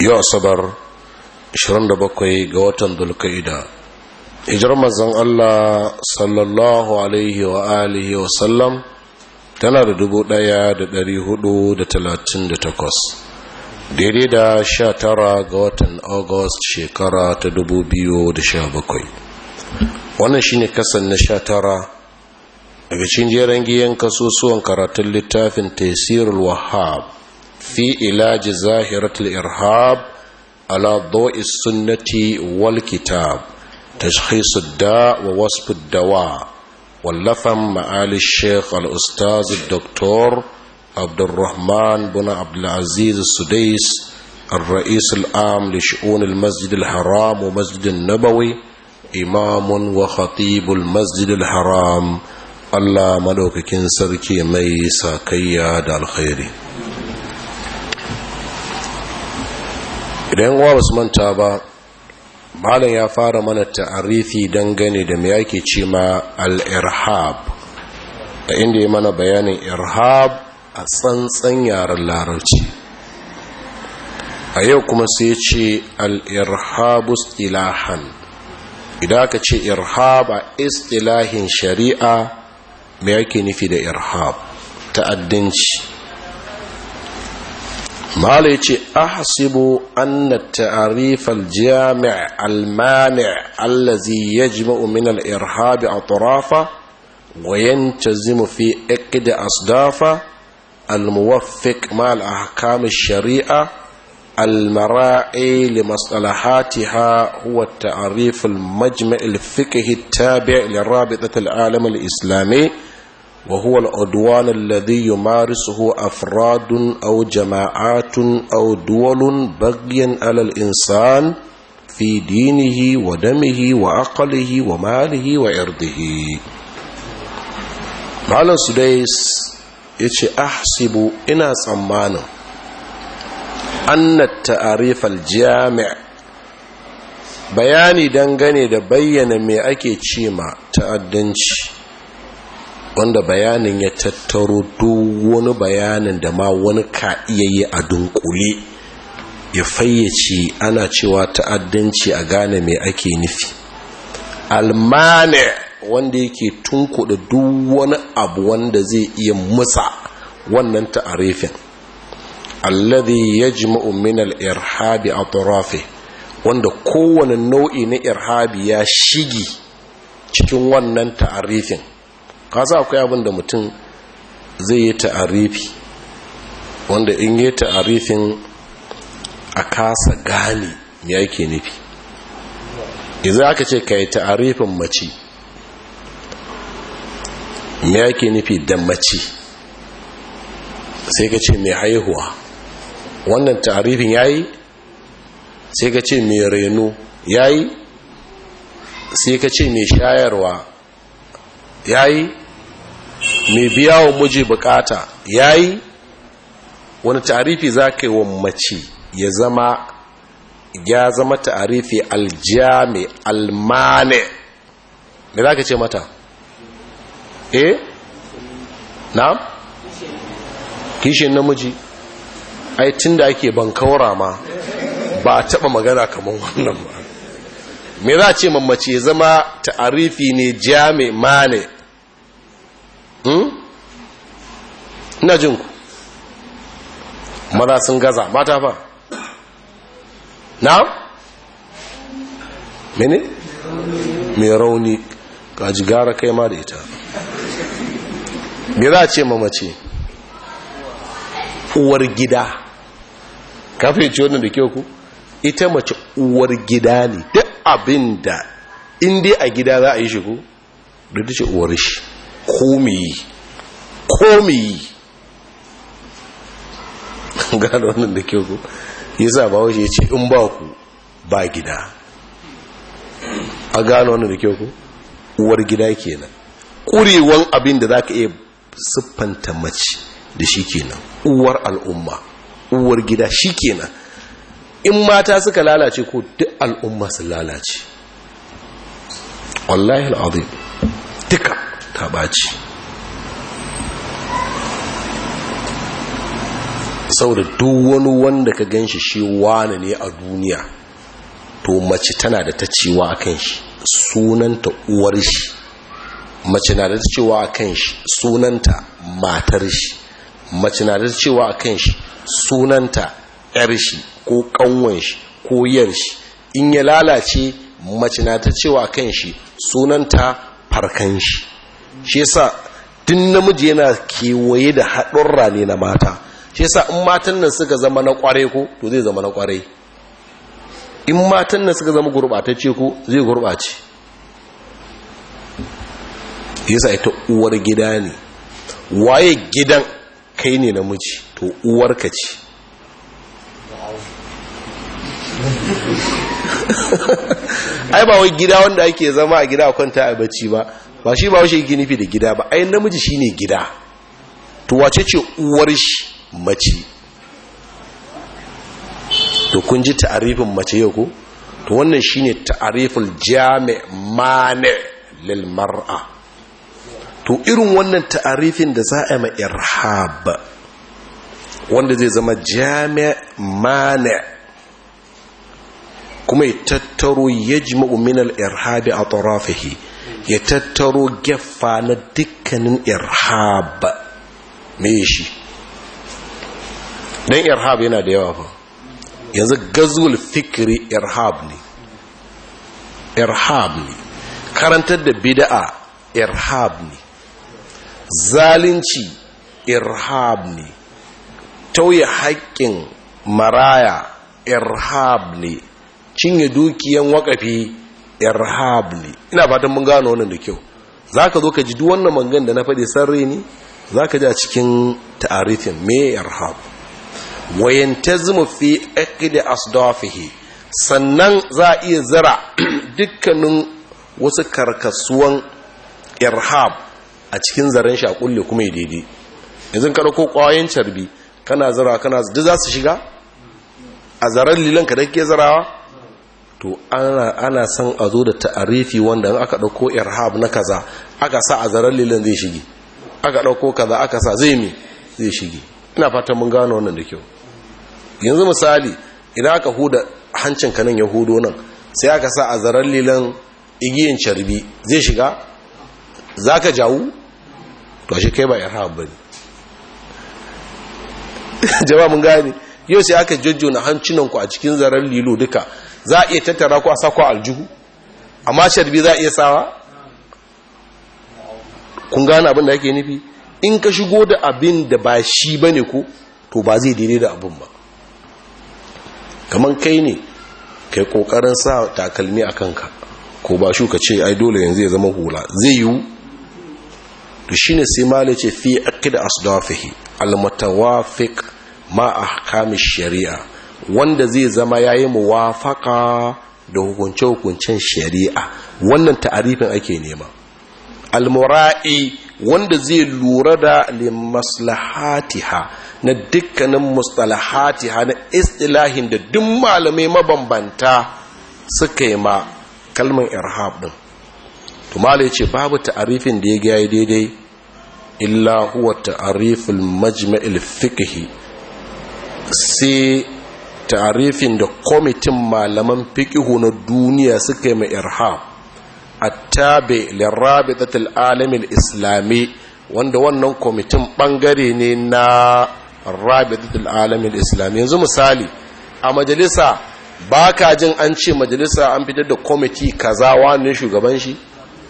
yau asabar 27 ga watan dulka'ida hijirar mazan Allah sallallahu alaihi wa alihi wa sallam tana da talatin da takwas, daidai da sha tara ga watan august shekara ta da bakwai. wannan shine kasan na sha tara daga cin jeren giyan kasusuwan karatun littafin tesirul wahab fi ilaji zahiratul irhab ala dawi sunnati wal kitab tashkhisu da wa wasfu dawa wallafan ma'ali sheikh al-ustaz doktor abdurrahman bin abdulaziz sudais الرئيس العام لشؤون المسجد الحرام ومسجد النبوي إمام وخطيب المسجد الحرام الله ملوك كن sarki mai sakayya دا الخير idan ba basu manta ba malam ya fara mana ta'arifi dangane da mai yake ce ma al a inda ya mana bayanin irhab a tsantsan yaren larabci a yau kuma sai ce al-irhabus ilahan idan aka ce irhab a istilahin shari'a mai yake nufi da irhab ta'addanci mala ya ce ahasibu anna ta'arif al-jami' al-mani' allazi yajma'u min al-irhab atrafa wa yantazimu fi iqd asdafa al-muwaffiq ma al-ahkam ash-shari'a المراعي لمصطلحاتها هو التعريف المجمع الفقهي التابع لرابطة العالم islami وهو العدوان الذي يمارسه أفراد أو جماعات أو دول بغيا على الإنسان في دينه ودمه وعقله وماله وعرضه مالا سديس يتي أحسب إنا صمانا أن التعريف الجامع bayani dangane da bayyana me ake ce ma ta'addanci wanda bayanin ya tattaro duk wani bayanin da ma wani ka iya yi a dunkule ya fayyace ana cewa ta'addanci a gane mai ake nufi almane wanda yake tunkuɗa duk wani abu wanda zai iya musa wannan ta'arifin alladhi yajma'u min al-irhabi atrafi wanda kowane nau'i na irhabi ya shigi cikin wannan ta'arifin kasa akwai abin da mutum zai yi ta'arifi wanda in yi ta'arifin a kasa gane ya ke nufi idan aka ce ka yi ta'arifin mace ya ke nufi da mace sai ka ce mai haihuwa wannan ta'arifin ya yi sai ka ce mai reno ya yi sai ka ce mai shayarwa ya yi mai biya wa muji bukata yi wani tarifi za ka yi wa mace ya zama ya zama tarifi aljami almane me za ka ce mata eh na kishin namiji ai tun da ake bankaura ma ba a taɓa magana kamar wannan ba me za a ce mamace zama ta'arifi ne jami'a mane Hmm? ina jin ku maza sun gaza mata fa na mini? mai rauni kaji gara kai ma da ita me za a ce mamace uwar gida kafin ce wannan da kyau ku ita mace uwar gida ne duk abin da inda a gida za a yi shi ku da ce uwar shi ko komeyi gano wannan da kyau ku yasa ba wace ce in ba ku ba gida a gano wannan da kyau ku uwar gida kenan kurewan abin da zaka iya siffanta mace da shi kenan uwar al'umma uwar gida shi kenan in mata suka lalace ko duk al'umma su lalace wallahi al'azim duka ta ɓaci saboda duk wani wanda ka gan shi shi wane ne a duniya to mace tana da ta cewa a kan shi sunanta uwar shi mace na da ta cewa a kan shi sunanta matar shi mace na da ta cewa a kan shi sunanta yar shi ko kanwan shi ko yar shi in ya lalace mace na ta cewa a kan shi sunanta farkan shi shi yasa tun namiji yana kewaye da haɗurra ne na mata shi yasa in matan nan suka zama na ƙware ko to zai zama na ƙware? in matan nan suka zama gurɓatacce ko zai gurɓace yasa ita uwar gida ne waye gidan kai ne namiji to uwarka ce ai ba wai gida wanda ake zama a gida a kwanta a bacci ba ba shi ba washe gini fi da gida ba ai namiji shi ne gida to wace ce uwar shi mace to kun ji ta'arifin mace yau ko to wannan ne ta'arifin jami' mane lil mar'a to irin wannan ta'arifin da za a ma irhab wanda zai zama jami' mane kuma ya tattaro yajma'u min irhabi a tarafihi ya tattaro geffa na dukkanin irhab me shi dan irhab yana da yawa ba yanzu gazul fikiri irhab ne irhab ne karantar da bida'a irhab ne zalunci irhab ne tauye haƙƙin maraya irhab ne cinye dukiyan wakafi. irhabli ina fatan mun gano wannan da kyau zaka zo ka ji duk wannan mangan da na faɗi sarri ne zaka ji a cikin ta'arifin me irhab wa yantazimu fi aqdi asdafihi sannan za a iya zara dukkanin wasu karkasuwan irhab a cikin zaren shi a kulle kuma ya daidai yanzu ka ko kwayoyin carbi kana zira kana duk za su shiga a zaren lilan ka da kake zirawa to ana ana son a zo da ta'arifi wanda aka dauko irhab na kaza aka sa a zarar lilin zai shige aka dauko kaza aka sa zai mi zai shige ina fatan mun gano wannan da kyau yanzu misali idan aka huda hancin kanan ya hudo nan sai aka sa a zarar lilin igiyin carbi zai shiga zaka jawu to shi kai ba irhab bane jama'a mun gane yau sai aka jojjona hancinanku a cikin zarar lilo duka za a iya tattara ku a sako aljihu amma sharbi za a iya sawa kun gane abin da yake nufi in ka shigo da abin da ba shi ba ne ko to ba zai daidai da abin ba kamar kai ne kai kokarin sa takalmi a kanka ko ba shi ka ce ai dole yanzu ya zama hula zai yiwu to ne sai mala ce fi akida asdafihi al ma ahkam shari'a wanda zai zama ya yi muwafaka da hukunce-hukuncen shari'a wannan ta'arifin ake nema almura'i wanda zai lura da limaslahatiha na dukkanin mustalahatiha na istilahin da duk malamai mabambanta suka yi ma kalmar irhab din tumala ya ce babu ta'arifin da ya gaya daidai illa huwa ta'arifin majma'il fiqhi sai ta'arifin da kwamitin malaman fiƙihu na duniya suka yi mai irham attabe lirabitatul alamin islami wanda wannan kwamitin ɓangare ne na rabitatul alamin islami yanzu misali a majalisa ba ka jin an ce majalisa an fitar da kwamiti kaza wani shugaban shi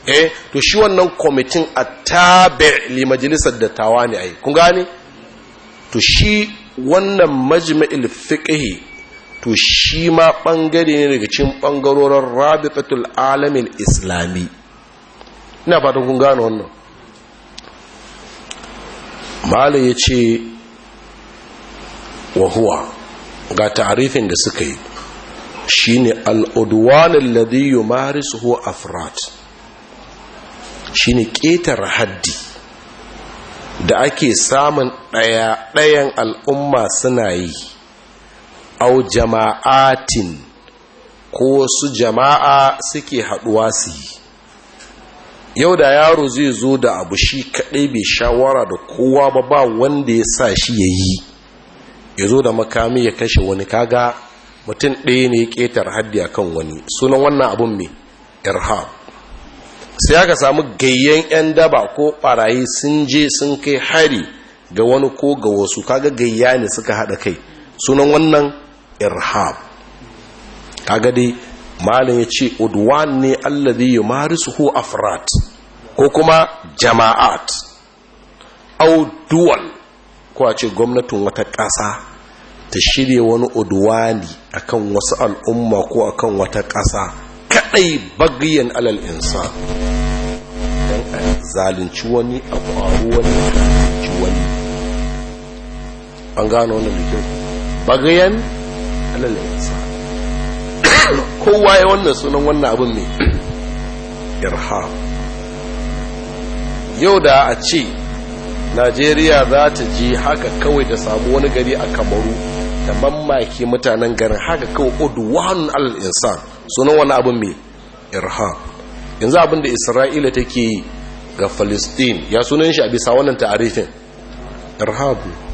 eh to shi wannan kwamitin attabe li majalisar dattawa ne ai kun gani to shi wannan majma'il fiqhi to shi ma ɓangare ne daga cikin ɓangarorin rabitatul alamin islami ina fatan kun gano wannan malam ya ce wahuwa ga tarifin da suka yi shi ne al'udwanin ladiyu maris ho afrat shi ne ƙetar haddi da ake samun ɗaya-ɗayan al'umma suna yi au jama'atin ko su jama'a suke haɗuwa su yi yau da yaro zai zo da abu shi kaɗai bai shawara da kowa ba ba wanda ya sa shi ya yi ya zo da makami ya kashe wani kaga mutum ɗaya ne ya ƙetar haddi a kan wani sunan wannan abun mai irhab sai aka samu gayyen 'yan daba ko ɓarayi sun je sun kai hari ga wani ko ga wasu kaga gayya ne suka haɗa kai sunan wannan irhab kaga dai malam ya ce udwan ne allazi hu afrat ko kuma jama'at au duwal ko a ce gwamnatin wata ƙasa ta shirya wani udwani akan wasu al'umma ko akan wata ƙasa kadai bagiyan alal insan dan a zalunci wani a ƙwaro wani wani an gano wani bikin. bagiyan. halal yansa kowa ya wannan sunan wannan abin ne irham yau da a ce najeriya za ta je haka kawai da samu wani gari a kamaru da mamaki mutanen garin haka kawai oduwan al'insan sunan wani abin mai irham yanzu abin da isra'ila take yi ga falistin ya sunan shi a bisa wannan ta'arifin irhamu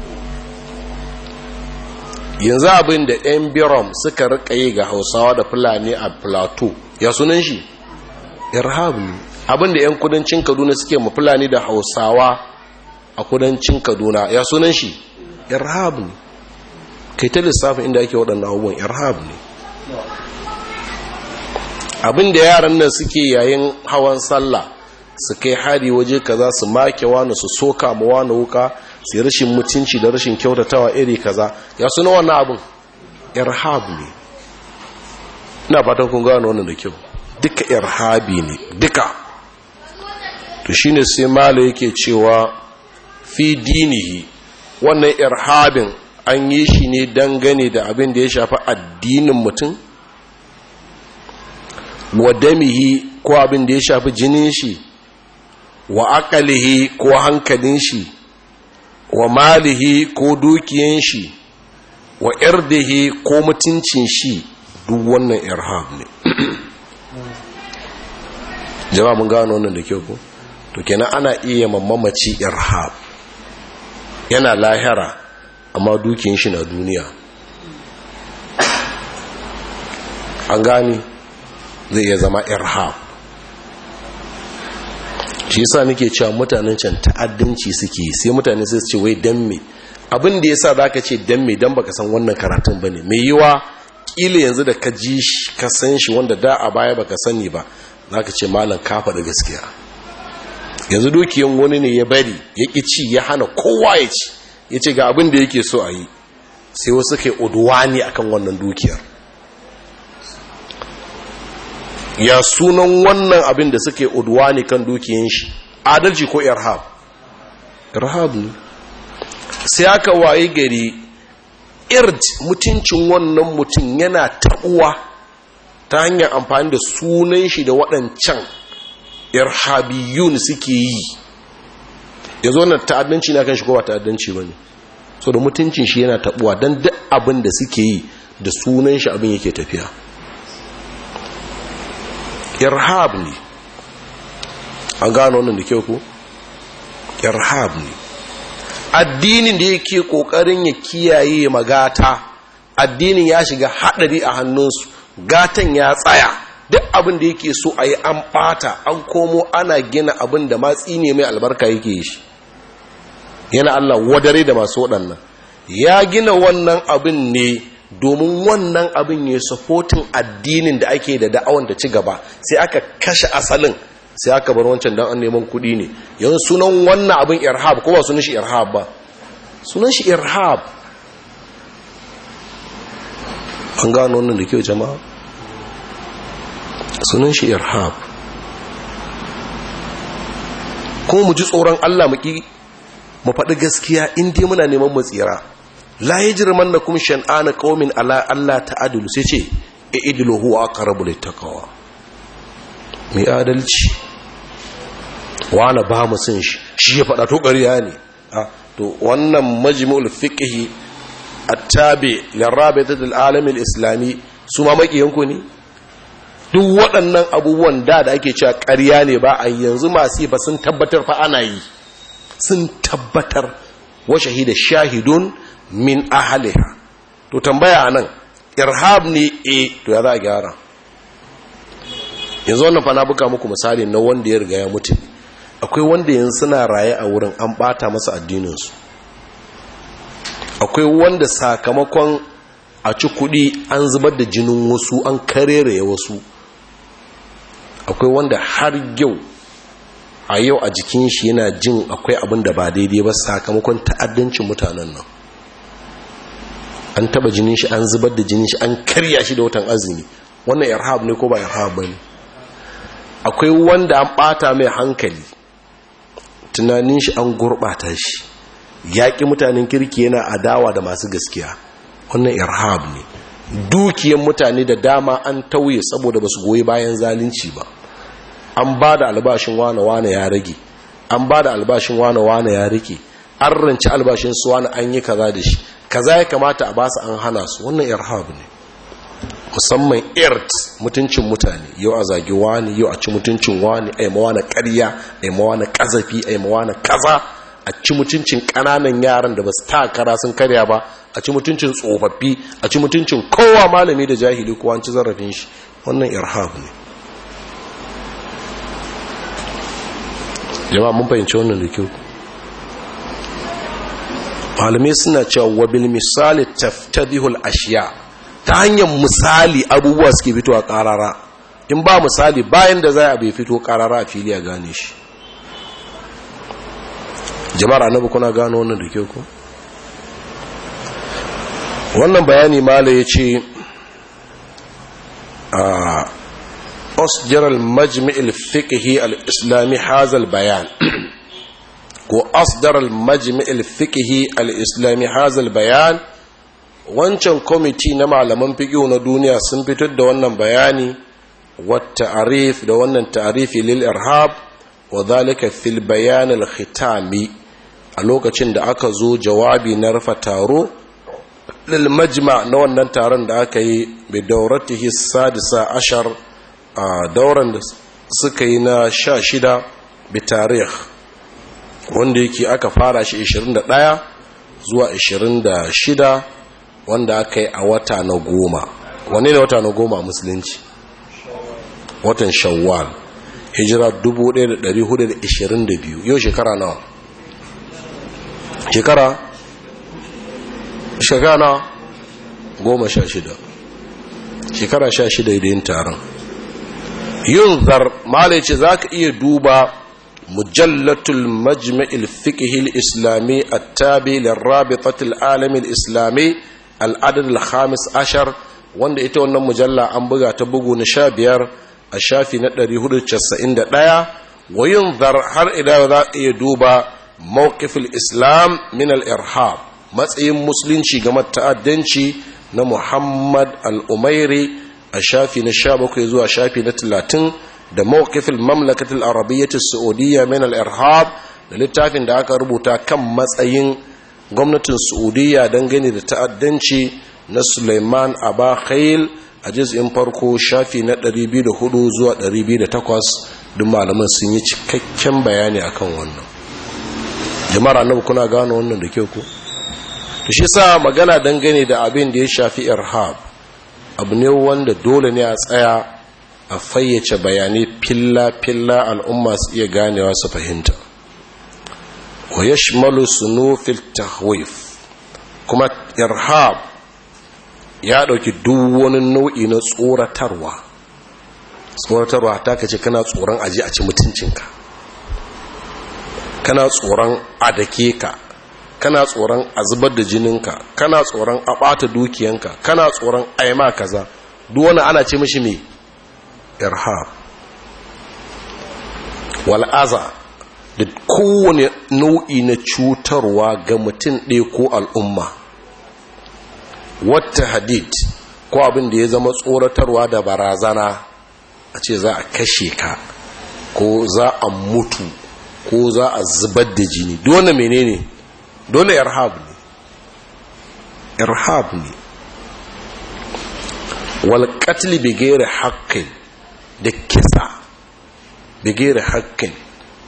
yanzu abin da ɗan biram suka rika yi ga hausawa da fulani a plateau ya sunan shi irhab ne abin da yan kudancin kaduna suke ma fulani da hausawa a kudancin kaduna ya sunan shi irhab ne kai ta lissafin inda ake waɗannan abubuwan irhab ne abin da yaran nan suke yayin hawan sallah su kai hari waje kaza su make wani su soka ma wani wuka sai rashin mutunci da rashin kyautatawa iri kaza ya suna wannan abin Irhabu ne ina fatan kun gano wannan da kyau duka irhabi ne duka to shine sai mala yake cewa fi dinihi wannan irhabin an yi shi ne dangane da abin da ya shafi addinin mutum wa damihi ko abin da ya shafi jinin shi wa akalihi ko hankalin shi wa malihi ko dukiyan shi wa irdihi ko mutuncin shi duk wannan irhab ne jama'a mun gano wannan da kyau ko to kenan ana iya mamamaci irhab yana lahira amma dukiyan shi na duniya an gani zai iya zama irhab shi sa muke cewa mutanen can ta'addanci suke sai mutane sai su ce wai dan me abin da yasa zaka ce dan me dan baka san wannan karatun ba bane me yiwa kila yanzu da ka ji shi ka san shi wanda da a baya baka sani ba zaka ce malam ka gaskiya yanzu dukiyan wani ne ya bari ya ki ci ya hana kowa ya ci ya ce ga abin da yake so a yi sai wasu kai oduwa ne akan wannan dukiyar ya sunan wannan abin da suke uduwa ne kan dukiyan shi adalci ko irhab irhab ne sai aka waye gari irj mutuncin wannan mutum yana taɓuwa ta hanyar amfani da sunan shi da waɗancan irhabiyun suke yi ya zo na ta'addanci na kan shi kowa ta'addanci ba ne so da mutuncin shi yana taɓuwa don duk abin da suke yi da sunan shi abin yake tafiya irhab ne an gano wannan da ke ku irhab ne addinin da yake kokarin ya kiyaye magata addinin ya shiga hadari a hannunsu gatan ya tsaya duk abin da yake so a yi an bata an komo ana gina abin da matsi ne mai albarka yake shi yana allah wadare da masu waɗannan ya gina wannan abin ne domin wannan abin ya sufotin addinin da ake da da'awan da ci gaba sai aka kashe asalin sai aka bar wancan dan an neman kuɗi ne Yanzu sunan wannan abin irhab ko ba sunan shi irhab ba sunan shi irhab an gano wannan da kyau jama'a sunan shi irhab ko mu ji tsoron Allah mu faɗi gaskiya inda muna neman mu tsira la kuma shan'ana qaumin Allah ta adilu sai ce idilo huwa ta littaqwa mai adalci wala ba mu sun shi shi ya faɗa to ƙariya ne to wannan majmu'ul a attabi lirabitat al ta dal'alamin islami su ma yanku ne duk waɗannan abubuwan da da ake cewa ƙariya ne ba a yanzu masu ba sun tabbatar fa ana yi sun tabbatar wa shahida shahidun min ahaliha to tambaya nan irhab ne eh to ya za a gyara yanzu wannan fa na buka muku misali na wanda ya riga ya mutu akwai wanda yanzu suna raye a wurin an bata masa addininsu akwai wanda sakamakon a ci kuɗi an zubar da jinin wasu an karere wasu akwai wanda har yau a yau a jikin shi yana jin akwai abin da ba daidai ba sakamakon ta'addancin mutanen nan an taba jinin shi an zubar da jinin shi an karya shi da watan azumi wannan irhab ne ko ba irhab ba ne akwai wanda an bata mai hankali tunanin shi an gurbata shi yaƙi mutanen kirki yana adawa da masu gaskiya wannan irhab ne dukiyan mutane da dama an tauye saboda ba su goyi bayan zalunci ba an ba da albashin wane-wane ya rage an ba da albashin wane-wane ya rike an ranci albashin su wane an yi kaza da shi kaza ya kamata a ba su an hana su wannan irhab ne musamman irt mutuncin mutane yau a zagi wani yau a ci mutuncin wani aimawa na karya aimawa na kazafi aimawa na kaza a ci mutuncin ƙananan yaran da ba su takara sun karya ba a ci mutuncin tsofaffi a ci mutuncin kowa malami da jahili kowa an ci zarafin shi wannan irhab ne jama'a mun fahimci wannan da kyau malamai suna cewa wabil misali taftadihul ashiya ta hanyar misali abubuwa suke fitowa karara in ba misali bayan da za a bai fito karara a fili a gane shi jama'ar annabi kuna gano wannan da kyau ko wannan bayani mala ya ce a ah, أصدر المجمع الفقهي الإسلامي هذا البيان وأصدر المجمع الفقهي الإسلامي هذا البيان wancan kwamiti na malaman fiƙi na duniya sun fitar da wannan bayani wata arif da wannan ta'arifi lil irhab wa zalika fil bayan al khitami a lokacin da aka zo jawabi na rufa taro lil majma na wannan taron da aka yi bi dauratihi sadisa ashar a dauran da suka yi na sha shida tarih wanda yake aka fara shi 21 zuwa 26 wanda aka yi a wata na goma wane ne wata na goma musulunci watan shawwal hijira 1422 yau shekara nawa shekara shekara na goma sha shida shekara sha shida idayin taron yunzar malai ce za ka iya duba mujallatul majma'il fiqhil islami attabi lirrabitatil alamil islami al'adad al-khamis ashar wanda ita wannan mujalla an buga ta bugu na sha biyar a shafi na da 491 wa yunzar har ida za ka iya duba mawqifil islam min al matsayin musulunci ga ta'addanci na muhammad al-umairi a shafi na sha bakwai zuwa shafi na talatin da mawakifin mamlakatul arabiyyatul saudiya min al-irhab da littafin da aka rubuta kan matsayin gwamnatin saudiya dangane da ta'addanci na suleiman aba khail a jiz'in farko shafi na 204 zuwa 208 duk malaman sun yi cikakken bayani akan wannan jama'ar annabi kuna gano wannan da kyau ku? shi sa magana dangane da abin da ya shafi irhab abu ne wanda dole ne a tsaya a fayyace bayanai filla-filla al'umma su iya ganewa su fahimta wa ya shimalu nufil tahwif kuma irhab ya ɗauki duk wani nau'i na tsoratarwa tsoratarwa ta kace kana tsoron aji a ci mutuncinka kana tsoron adake ka kana tsoron a zubar da jininka kana tsoron a ɓata dukiyanka kana tsoron aima kaza duk ana ce mashi mai irhab wal'aza da kowane nau'i na cutarwa ga mutum ɗaya ko al'umma wata hadid ko abin da ya zama tsoratarwa da barazana a ce za a kashe ka ko za a mutu ko za a zubar da jini dole menene dole irhab ne irhab ne walƙatli qatl haƙƙin da kisa bi haƙƙin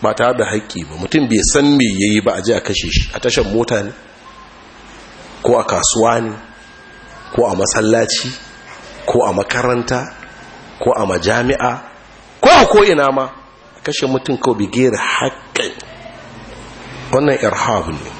ba tare da haƙƙi ba mutum bai san me yayi ba a ji a kashe shi a tashar mota ne ko a kasuwa ne ko a masallaci ko a makaranta ko a majami'a ko a ko'ina ma kashe mutum kawai bigere haƙƙin wannan irhab ne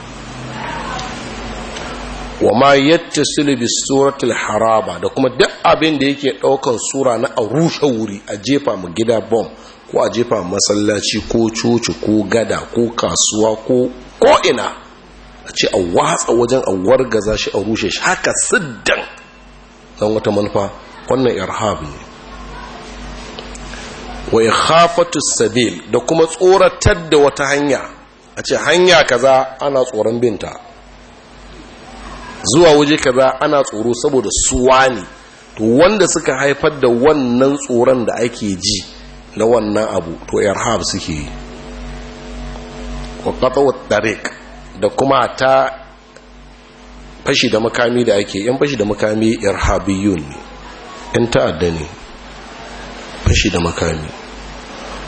wa ma yattasilu bi suratul haraba da kuma duk abin da yake daukan sura na a rushe wuri a jefa mu gida bom ko a jefa masallaci ko coci ko gada ko kasuwa ko ko ina a ce a watsa wajen a wargaza shi a rushe shi haka siddan don wata manufa wannan irhab ne wa ikhafatu sabil da kuma tsoratar da wata hanya a ce hanya kaza ana tsoron binta zuwa waje ka za ana tsoro saboda suwa ne to wanda suka haifar da wannan tsoron da ake ji na wannan abu to irhab suke yi wa tariq da kuma ta fashi da makami da ake yan fashi da makami irhabiyun ne yan ta'adda ne fashi da makami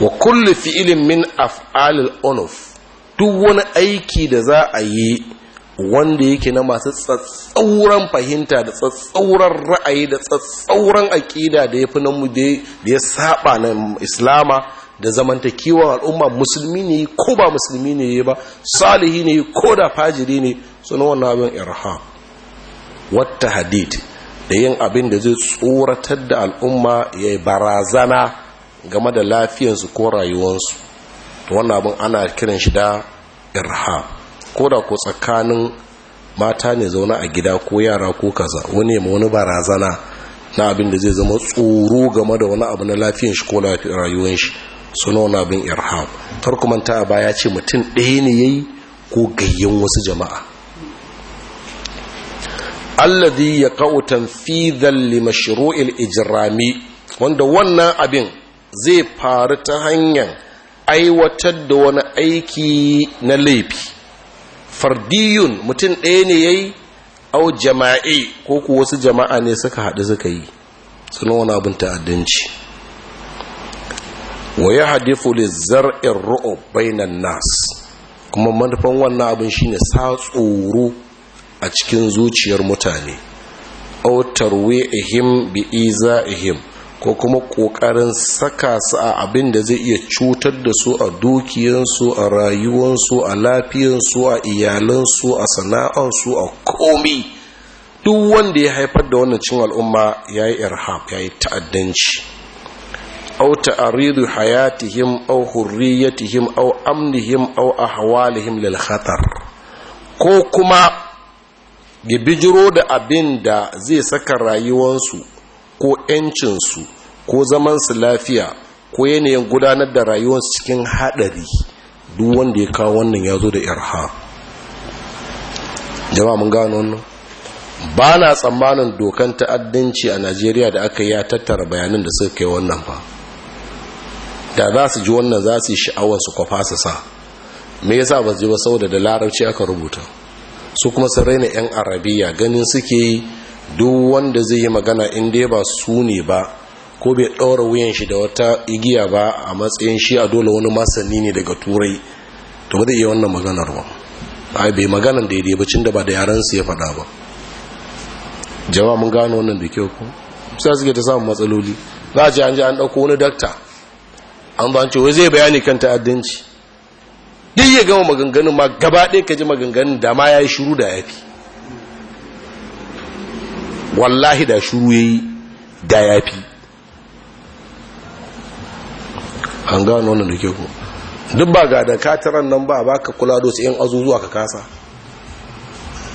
wa kulle fi ilimin af'alil unuf duk wani aiki da za a yi wanda yake na masu tsatsauran fahimta da tsatsauran ra'ayi da tsatsauran aƙida da ya fi nan da ya saba na islama da zamantakewar al'umma musulmi ne ko ba musulmi ne ba salihi ne ko da fajiri ne suna wannan abin irhab wata hadid da yin abin da zai tsoratar da al'umma ya barazana game da lafiyarsu ko rayuwarsu wannan abin ana kiran shi da irhab koda ko tsakanin mata ne zaune a gida ko yara ko kaza wani ma wani barazana na abin da zai zama tsoro game da wani abu na lafiyan shi ko lafiyar shi suna wani abin irham kar manta a baya ce mutum ɗaya ne ya yi ko gayyan wasu jama'a alladhi yaqau tanfidhan li mashru'il ijrami wanda wannan abin zai faru ta hanyar aiwatar da wani aiki na laifi fardiyun mutum ɗaya ne ya yi au jama'i ko ku wasu jama'a ne suka haɗu suka yi suna wani abin ta'addanci wa ya hadifu fuli zar'in bainan nas kuma manufan wannan abin shine sa tsoro a cikin zuciyar mutane au tarwi'ihim bi ihim ko kuma ƙoƙarin saka su a abin da zai iya cutar da su a dukiyansu a rayuwarsu, a lafiyarsu, a iyalansu a sana'arsu a komi duk wanda ya haifar da wannan cin al'umma ya yi irhab ya yi ta'addanci au ta'aridu hayatihim au hurriyatihim au amnihim au ahwalihim lil khatar ko kuma gibijiro da abin da zai saka rayuwarsu. ko 'yancinsu ko zamansu lafiya ko yanayin gudanar da rayuwarsu cikin haɗari duk wanda ya kawo wannan ya zo da irha jama mun gano wannan ba na tsammanin dokan ta'addanci a najeriya da aka yi ya tattara bayanan da suka kai wannan ba da za su ji wannan za su yi sha'awar su kwafa su sa me yasa ba su ji ba saboda da larabci aka rubuta su kuma su raina 'yan arabiya ganin suke yi duk wanda zai yi magana in dai ba su ne ba ko bai ɗaura wuyan shi da wata igiya ba a matsayin shi a dole wani masani ne daga turai to ba zai iya wannan maganar ba ai bai maganar daidai ba cin da ba da yaran su ya faɗa ba jama'a mun gano wannan da kyau ko sai suke ta samun matsaloli za a ce an ji an ɗauko wani dakta an ba ce wai zai bayani kan ta'addanci duk ya gama maganganun ma gaba ɗaya ka ji maganganun da ma ya yi shuru da ya wallahi da shuru ya yi da ya fi. an gano wannan da ke ku duk ba ga da katiran nan ba ba ka kula da 'yan azuzuwa ka kasa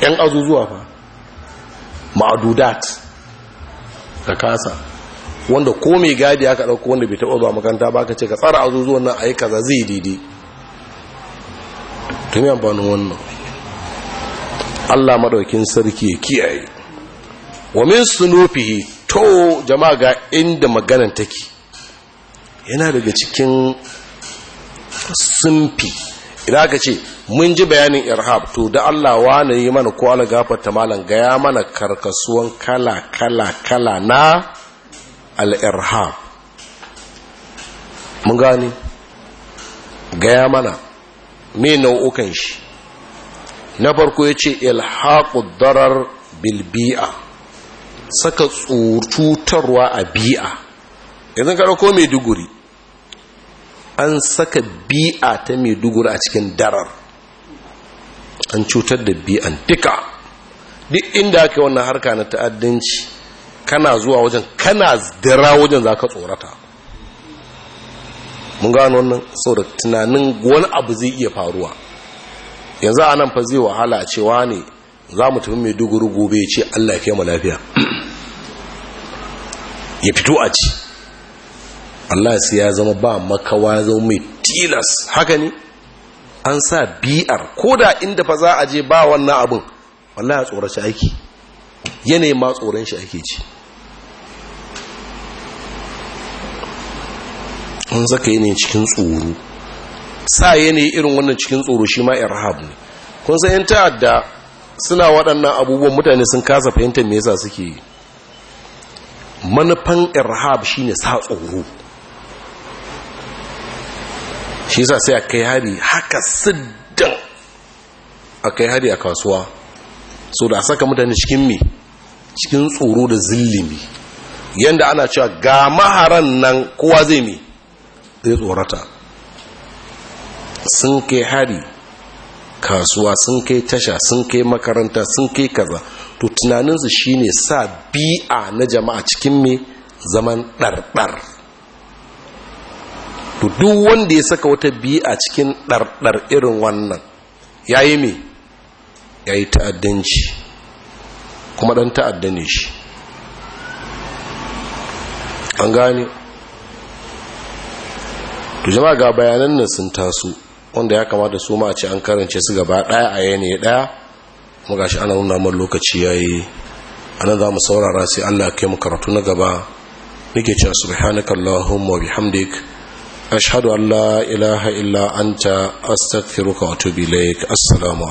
'yan azuzuwa fa ma'adudat ka kasa wanda ko mai gadi aka ɗauko wanda bai taɓa zuwa makanta ba ka ce ka tsara azuzuwan nan a yi kaza zai daidai tuni amfanin wannan allah maɗaukin sarki ya kiyaye wa min sunufihi to jama'a ga inda maganan take yana daga cikin sunfi idan aka ce mun ji bayanin irhab to da Allah wane yi mana ko ala gafarta malam gaya mana karkasuwan kala kala kala na al-irhab mun gani gaya mana me nau'ukan shi na farko yace ilhaqud darar bilbi'a saka cutarwa a bi'a yanzu ka ɗauko maiduguri an saka bi'a ta maiduguri a cikin darar an cutar da bi'an duka duk inda aka yi wannan harka na ta'addanci kana zuwa wajen kana dira wajen za ka tsorata mun gano wannan saboda tunanin wani abu zai iya faruwa yanzu a nan fa zai wahala cewa ne za mu tafi maiduguri gobe ya ce allah ya kai mu lafiya ya fito a ci Allah sai ya zama ba makawa zama mai tilas haka ne an sa biyar ko da inda fa za a je ba wannan abin wallahi ya tsoraci aiki yanayin ma tsoron shi ake ci an zaka yanayin cikin tsoro sa yanayi irin wannan cikin tsoro shi ma irhab ne kun san yan ta'adda suna waɗannan abubuwan mutane sun kasa fahimtar me yasa suke yi manufan irhab shine sa tsoro shi yasa sai a kai hari haka siddan a kai hari a kasuwa so da saka mutane cikin me cikin tsoro da zillimi yanda ana cewa ga maharan nan kowa zai me zai tsorata sun kai hari kasuwa sun kai tasha sun kai makaranta sun kai kaza to tunaninsu shine sa bi'a na jama'a cikin mai zaman ɗarɗar to duk wanda ya saka wata bi'a cikin ɗarɗar irin wannan ya yi mai ya yi ta'addanci kuma ɗan ta'addane shi an gane to jama'a ga bayanan nan sun taso wanda ya kamata su ma a ce an karance su gaba ɗaya a yanayi ɗaya kuma gashi ana nuna man lokaci yayi anan zamu saurara sai Allah kai mu karatu na gaba nake cewa subhanakallahumma wa bihamdik ashhadu an la ilaha illa anta astaghfiruka wa atubu ilaik assalamu